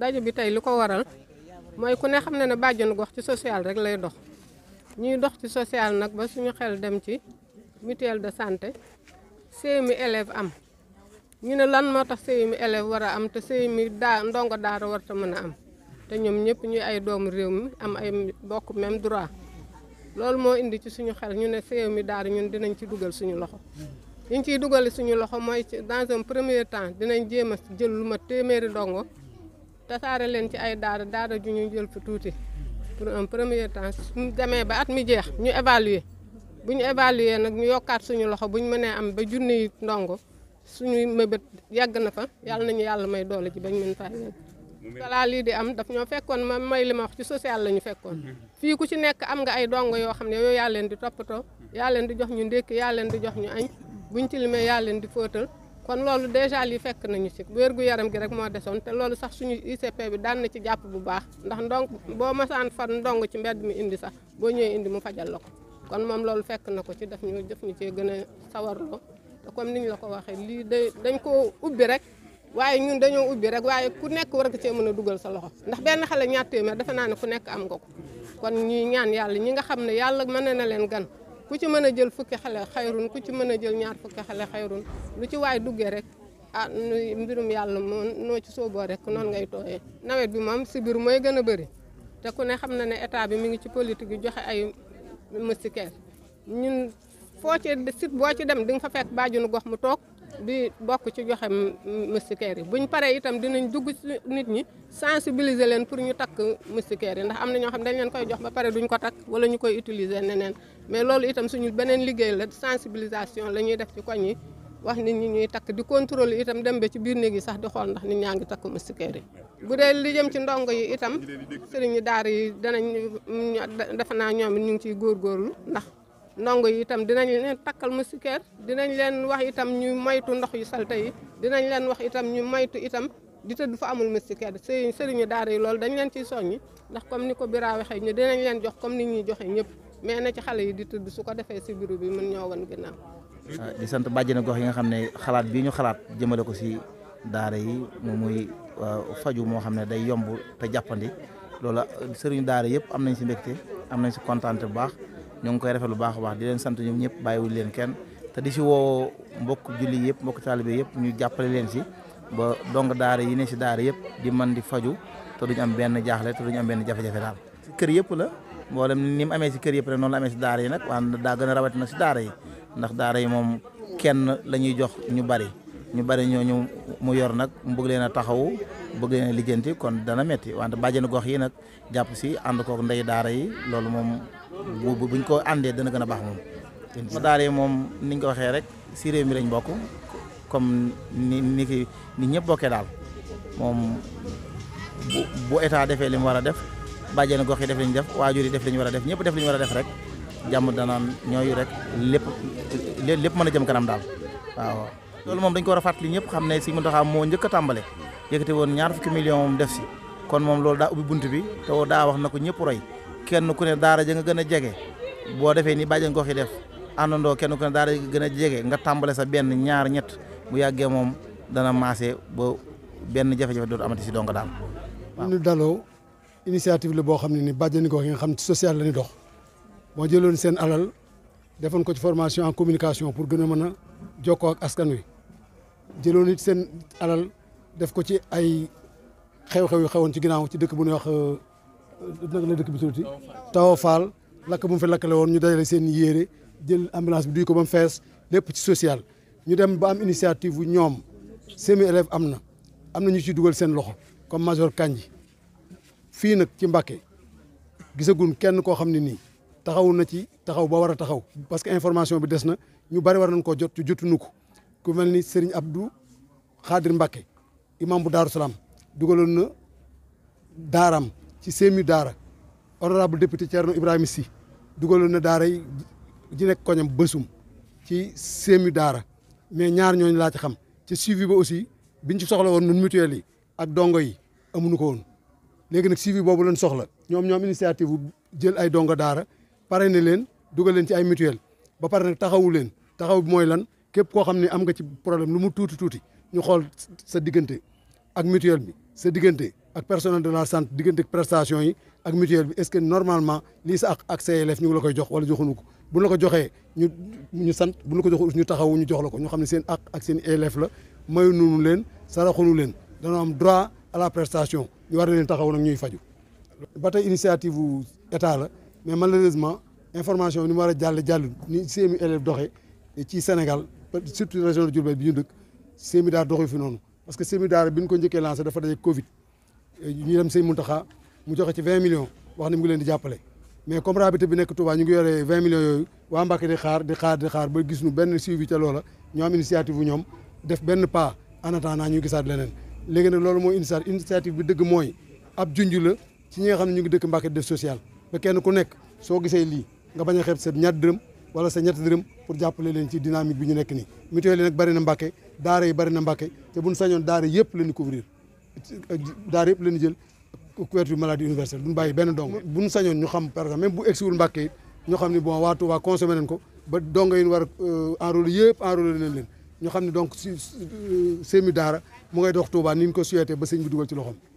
daje bi tey li ko waral mooy ku ne xam ne ne bàjjenu gox ci social rek lay dox ñuy dox ci social nag ba suñu xel dem ci mutuelle de santé CMU élève am ñu ne lan moo tax CMU élève war a am te CMU daa ndongo daar war te mën a am te ñoom ñëpp ñu ay doomu réew mi am ay mbokk même droit loolu moo indi ci suñu xel ñu ne CMU daar ñun dinañ ci dugal suñu loxo liñ ciy dugal suñu loxo mooy ci dans un premier temps dinañ jéem a jël lu ma téeméeri ndongo tasaare leen ci ay daara daada ju ñu jël fi tuuti pour un premier temps suñu demee ba at mi jeex ñu évaluer bu ñu évaluer nag ñu yokkaat suñu loxo bu ñu mënee am ba junniy ndongo suñuy mëbët yàgg na fa yàlla nañu yàlla may doole ci bañ mën faa yegg voilà lii di am daf ñoo fekkoon ma may li ma wax ci social la ñu fekkoon mm-hmm. fii ku ci nekk am nga ay dongo yoo xam ne yow yaa leen di toppatoo yaa leen di jox ñu ndékki yaa leen di jox ñu añ buñ ci limee yaa leen di fóotal kon loolu déjà lii fekk nañu ci gu yaram gi rek moo desoon te loolu sax suñu ICP bi daan na ci jàpp bu baax ndax ndong boo masaan fan ndong ci mbedd mi indi sax boo ñëwee indi mu fajal la ko kon moom loolu fekk na ko ci def ñu def ñu cee gën a sawarloo te comme niñ la ko waxee lii day dañ ko ubbi rek waaye ñun dañoo ubbi rek waaye ku nekk war nga cee mën a dugal sa loxo ndax benn xale ñaar téeméer defe naa ne ku nekk am nga ko kon ñuy ñaan yàlla ñi nga xam ne yàlla mën na leen gan ku ci mën a jël fukki xale xayrun ku ci mën a jël ñaar fukki xale xayrun lu ci waay duggee rek ah mbirum yàlla moo noo ci sooboo rek noonu ngay tooyee nawet bi moom si biir mooy gën a bëri te ku ne xam na ne état bi mu ngi ci politique yi joxe ay moustiquaires ñun foo ci sit boo ci dem di nga fa fekk baajunu gox mu toog di bokk ci joxe moustiquaire yi buñ paree itam dinañ dugg ci nit ñi sensibiliser leen pour ñu takk moustiquaire yi ndax am na ñoo xam dañ leen koy jox ba pare duñ ko takk wala ñu koy utiliser neneen mais loolu itam suñu beneen liggéey la sensibilisation la ñuy def ci koñ yi wax nit ñi ñuy takk di contrôle itam dem ba ci biir néeg yi sax di xool ndax nit ñaa ngi takk moustiquaire yi bu dee li jëm ci ndongo yi itam sëriñ daara yi danañ defe naa ñoom it ñu ngi ciy góorgóorlu ndax ndongo yi itam dinañ leen takkal moustiquaire dinañ leen wax itam ñu maytu ndox yu salte yi dinañ leen wax itam ñu moytu itam di tëdd fa amul moustiquaire sëriñ sëriñu daara yi loolu dañu leen ciy soññi ndax comme ni ko Bira waxee ñu dinañ leen jox comme ni ñuy joxe ñëpp mais na ci xale yi di tëdd su ko defee si bureau bi mën ñoo wan ginnaaw. Ah, di sant bàjjenu gox yi nga xam ne xalaat bii ñu xalaat jëmale ko si daara yi moom muy faju moo xam ne day yomb te jàppandi loolu sëriñu daara yëpp am nañ si mbégte am nañ si kontaan bu baax ñoo ngi koy rafet lu baax a baax di leen sant ñoom ñëpp bàyyiwul leen kenn te di si woo mbokk julli yëpp mbokk taalibe yëpp ñu jàppale leen si ba dong daara yi ne si daara yëpp di man di faju te duñ am benn jaaxle te duñ am benn jafe-jafe daal kër yëpp la mboolem ni mu amee si kër yëpp rek noonu la amee si daara yi nag waaye daa gën a rawatina si daara yi ndax daara yi moom kenn lañuy jox ñu bari ñu bari ñooñu mu yor nag mu leen a taxawu bëgg leen a lijjanti kon dana metti wante bàjjenu gox yi nag jàpp si ànd kook ndey daara yi loolu moom bu buñ ko àndee dana gën a baax moom. ma daal moom ni ñu ko waxee rek si réew mi lañ bokk comme ni ni ki ni ñëpp bokkee daal moom bu bu état defee li mu war a def bàjjenu gox yi def li ñu def waajur yi def li ñu war a def ñëpp def li ñu war a def rek jàmm danaan ñooyu rek lépp lépp mën a jëm kanam daal waaw. loolu moom dañ ko war a fàttali ñëpp xam ne si Mountakha moo njëkk a tàmbale yëkkati woon ñaar fukki million moom def si kon moom loolu daa ubbi bunt bi te daa wax na ko ñëpp roy. kenn ku ne daara ja nga gën a jege boo defee ni bàjjen gox yi def àndandoo kenn ku ne daara ja nga gën a jege nga tàmbale sa benn ñaar ñett bu yàggee moom dana maase ba benn jafe-jafe dootu amati si donga daal. ñu daloo initiative la boo xam ne ni bàjjeni gox yi nga xam ne social la ñu dox moo jëloon seen alal defoon ko ci formation en communication gën a mën a jokkoo askan wi jëloon it seen alal def ko ci ay xew-xew yu xewoon ci ginnaaw ci dëkk bu ñuy wax. Euh, naka la bi tuuti Tawa lakk bu mu fi lakkale woon ñu dajale seen yéere jël ambulance bi duy ko ba mu fees lépp ci social ñu dem ba am initiative bu ñoom semi élève am na am na ñu ciy dugal seen loxo comme major Kandji fii nag ci Mbàkke gisagun kenn koo xam ne nii taxaw na ci taxaw ba war a taxaw parce que information bi des na ñu bari war nañ koo jot ci jotuñu ko ku mel ni Serigne Abdou Khadir Mbàkke imam bu Daaru dugaloon daaram ci seemi daara honorable député Thierno Ibrahima si dugaloon na daara yi ji nekk koñam bësum ci seemi daara mais ñaar ñooñ laa ci xam ci suivi ba aussi biñ ci soxla woon nun mutuelle yi ak dongo yi amuñu ko woon léegi nag suivi boobu lañ soxla ñoom ñoom initiative jël ay dongo daara pare ne leen dugal leen ci ay mutuelle ba pare nag taxawu leen taxaw mooy lan képp koo xam ne am nga ci problème lu mu tuuti tuuti ñu xool sa diggante ak mutuel bi sa diggante ak personnel de la sant diggante prestation yi ak mutuelle bi est-ce que normalement lii sa ak ak CLF ñu ngi la jox wala joxuñu ko bu la ko joxee ñu ñu sant bu la ko joxul ñu taxaw ñu jox la ko ñu xam ne seen ak ak seen élève la mayuñu leen saraxuñu leen danoo am droit à la prestation ñu war leen taxaw nag ñuy faju ba tey initiative wu état la mais malheureusement information bi ni mu war a jàll jàll ni seemi élève doxee ci Sénégal surtout région de Diourbel bi ñu daa doxee fi noonu parce que semi daara bi ko njëkkee lancé dafa daje Covid ñu dem a Muntaxa mu joxe ci vingt millions wax ni mu ngi leen di jàppale mais comme rabité bi nekk Touba ñu ngi yoree vingt millions yooyu waa Mbàkke di xaar di xaar di xaar ba gis ñu benn suivi ca loola ñoo am initiative bu ñoom def benn pas en attendant ñu gisaat leneen léegi nag loolu mooy initiative bi dëgg mooy ab junj la ci ñi nga xam ne ñu ngi dëkk Mbàkke def social ba kenn ku nekk soo gisee lii nga bañ a xeeb sa ñaar dërëm wala sa ñetti dërëm pour jàppale leen ci dynamique bi ñu nekk nii mutuelle yi nag bari na Mbàkke daara yi bari na Mbàkke te buñ sañoon daara yëpp leen couvrir daara yëpp leen jël couverture maladie universelle duñ bàyyi benn dong buñ sañoon ñu xam par exemple même bu egsiwul Mbàkke it ñu xam ni bon waa Touba consommé nañ ko ba dongo yi war a euh, enrôler yëpp enrôler nañ leen ñoo xam ne donc si seemi euh, daara mu ngay dox Touba ni ñu ko souhaité ba sëñ bi dugal ci loxoom